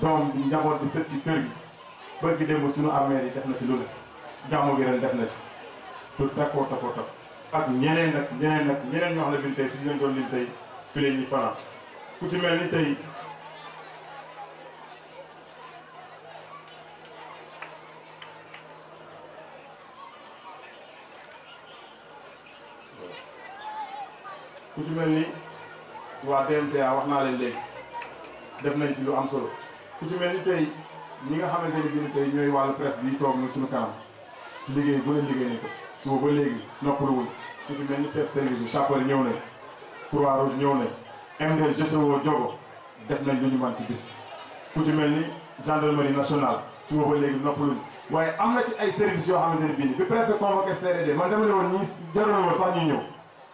doom bi njaboot bi sët ci kër gi bër gi démb suñu armée yi def na ci lu ne gàmmu gi ren def na ci lu takkoo takkoo takk ak ñeneen nag ñeneen nag ñeneen ñoo xam ne bi tey si ñu leen doon lim tey fi la fanaan ku ci mel ni tey ku ci mel ni waa wax naa leen léegi def nañ ci lu am solo ku ci mel ni tey ñi nga xamante ne bii tey ñooy wàllu presse bi toog na suñu kanam liggéey bu leen liggéey ne ko suba ba léegi noppaluwul ku ci mel ni chef service bi sapeur ñëw na croix rouge ñëw na MDL GCO jogo def nañ lu ñu mën ci bis ku ci mel ni gendarmerie nationale suba ba léegi noppaluwul waaye am na ci ay services yoo xamante ne bii bi préfet convoqué CRD man dama ne woon ñii jaroon woon sax ñu ñëw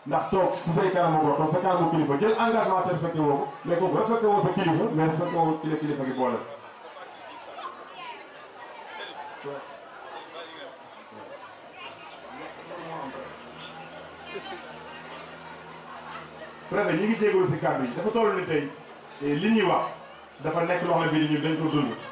ndax toog su say kanamu góor toog sa kanamu kilifa jël engagement te respecté woo ko mais kooku respecté woo sa kilifa mais respecté woo kilifa kilifa gi boole. préfet ñi ngi jégalu si kàddu yi dafa toll ni tey eh, li ñuy wax dafa nekk loo xam ne bii dañu dañ ko dund.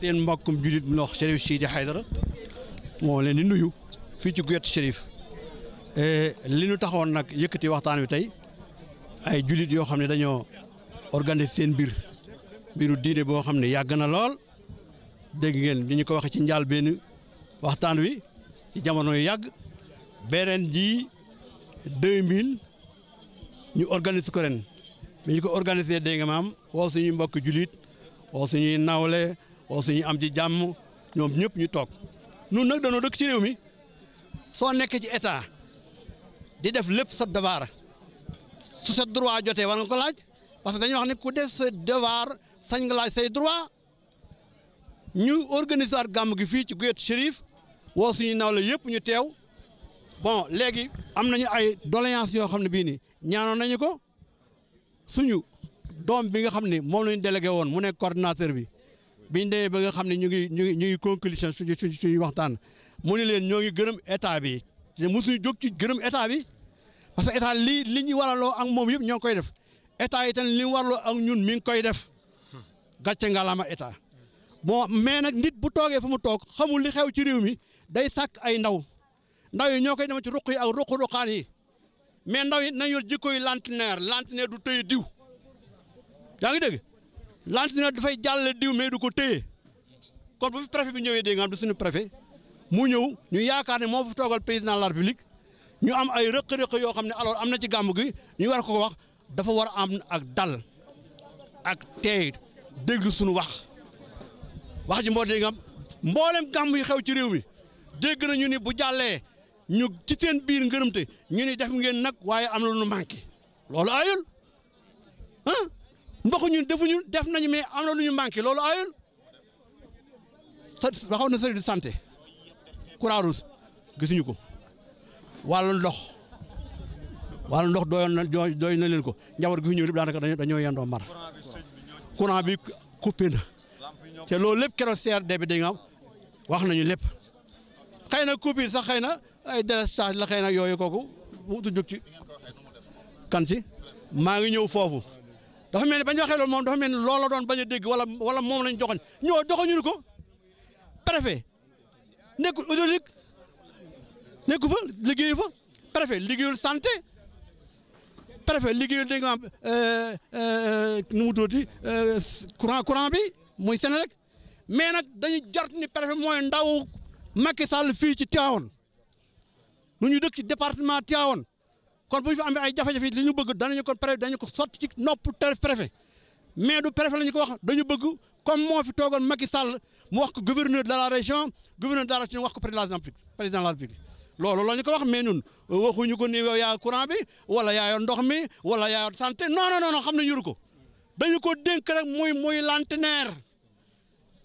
seen mbokkum julit mu wax Chérif Sidi Haydara moo leen di nuyu fii ci Guet Chérif eh, li ñu taxoon nag yëkkati waxtaan wi tey ay julit yoo xam ne dañoo organiser seen mbir mbiru diine boo xam ne yàgg na lool dégg ngeen ni ñu ko waxee ci njaal benn waxtaan wi ci jamono yu yàgg beneen ji 2000 ñu organiser ko ren bi ñu ko organiser dégg nga maam woo mbokk julit woo suñuy nawle woo suñu am ji jàmm ñoom ñëpp ñu toog nun nag dañoo dëkk ci réew mi soo nekkee ci état di def lépp sa devoir su set droit jotee war nga ko laaj parce que dañuy wax ne ku def sa devoir sañ nga laaj say droit ñu organiser gàmm gi fii ci Guétt Chérif woo suñu nawle yëpp ñu teew bon léegi am nañu ay doléance yoo xam ne bii nii ñaanoon nañu ko suñu doom bi nga xam ne moom lañu délégué woon mu nekk coordinateur bi biñ demee ba nga xam ne ñu ngi ñu ngi ñu su conclusion suñu suñu waxtaan mu ni leen ñoo ngi gërëm état bi te mosuñu jóg ci gërëm état bi parce que état lii li ñu waraloo ak moom yëpp ñoo ngi koy def état yi tamit li mu waraloo ak ñun mi ngi koy def gàcce ngalaama état boo mais nag nit bu toogee fu mu toog xamul li xew ci réew mi day sàkk ay ndaw ndaw yi ñoo koy dem ci ruq yi ak ruq-ruqaan yi mais ndaw yi nañ yor jikko yi lantinaire lantinaire du tëy diw yaa ngi dégg l'entraîneur dafay jàlle diw mais du ko téye kon bu fi préfet bi ñëwee dégg nga du suñu préfet mu ñëw ñu yaakaar ne moo fi toogal président de la république ñu am ay rëq-rëq yoo xam ne alors am na ci gàmm gi ñu war ko wax dafa war a am ak dal ak teey déglu suñu wax wax ji moo dégg am mboolem gàmm yi xew ci réew mi dégg ñu ni bu jàllee ñu ci seen biir ngërëmte ñu ni def ngeen nag waaye am na lu manqué loolu ayul ah ndox ñu defuñu def nañu mais am na lu ñu manqué loolu ayul waxoon na service de santé Croix-Rouge gisuñu ko wàllu ndox wàllu ndox doyoon na doy na leen ko njaboot gi fi ñëw lépp daanaka dañoo yendoo mar courant bi coupé na te loolu lépp keroog CRD bi dañu wax nañu lépp xëy na coupure sax xëy na ay la xëy na yooyu kooku bu tu jóg ci kan ci maa ngi ñëw foofu dafa mel ni bañ ñu waxee moom dafa mel ni loola doon bañ a dégg wala wala moom lañ joxoñ ñoo joxoñu ko préfet nekkul hydraulique nekku fa liggéeyu fa préfet liggéeyul santé préfet liggéeyul dégg nga euh, euh, nu mu tuuti euh, courant courant bi muy Senelec mais nag dañu jort ni préfet mooy ndaw Macky Sall fii ci Tivaouane nu ñu dëkk ci département Tivaouane kon bu ñu fi amee ay jafe-jafe ñu bëgg danañu ko préfet dañu ko sotti ci nopp ter préfet mais du préfet lañu ko wax dañu bëgg comme moo fi toogoon Macky Sall mu wax ko gouverneur de la région gouverneur de la région wax ko président la République président de la République loolu la ñu ko wax mais ñun waxuñu ko ni yow yaa courant bi wala yaa yor ndox mi wala yaa yor santé non non xam ne yor ko dañu ko dénk rek muy muy lantenaire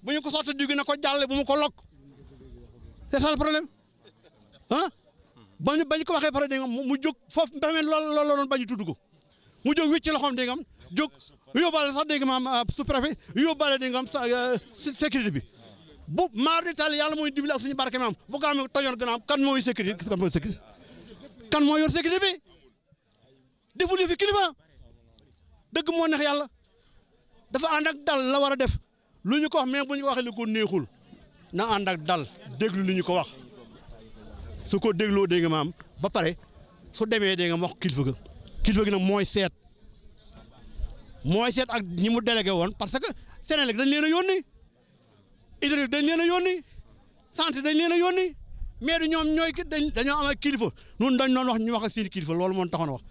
bu ñu ko sotti digg na ko jàlle bu mu ko lok c'est ça le problème ba ñu ba ñu ko waxee pare dégg nga mu jóg foofu ba mel loolu loolu la doon bañ tudd ko mu jóg wicc loxoom dégg nga jóg yóbbaale sax dégg nga maam ah, sous-préfet yóbbaale dégg nga ah, sécurité bi bu maar di taal yàlla mooy dimbali ak suñu barke maam bu ko amee tojoon gannaaw kan mooy sécurité gis kan moo yor sécurité bi deful ñu fi kilifa dëgg moo neex yàlla dafa ànd ak dal la war a def lu ñu ko wax mais bu ñu ko waxee li ko neexul na ànd ak dal déglu li ñu ko wax. su ko dégloo dégg nga maam ba pare su demee dégg nga wax kilifa ga kilifa gi nag mooy seet mooy seet ak ñi mu délégué woon parce que Sénélec dañ leen a yónni Idriss dañ leen a yónni santé dañ leen a yónni mais du ñoom ñooy dañ dañoo am ay kilifa noonu dañ doon wax ñu wax ak seen kilifa loolu moo taxoon wax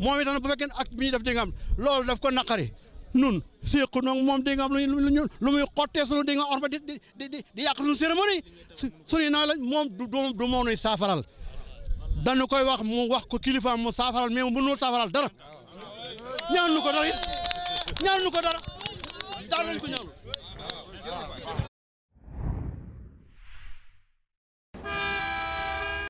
moom itam bu fekkee ak bi ñu def dégg nga am loolu daf ko naqari nun séqu noog moom dégg nga am luñu lu muy xottee sunu dégg nga orma di di di yàq suñu cérémonie naa la moom du du moo saafaral dañu koy wax mu wax ko kilifaam mu saafaral mais mu mënul saafaral dara ñaanu ko dara it ñaanu ko dara daal ko ñaanul